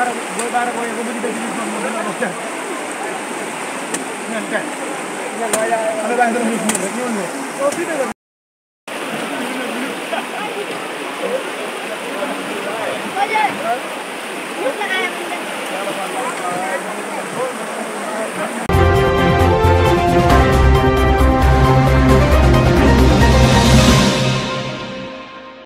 baara booy baara booy ba bëgg def ci moom moom dana wax ngeen kay ngeen waay xale baa ngi doon ñu rek ñëw ne oo fii de Oye, ¿qué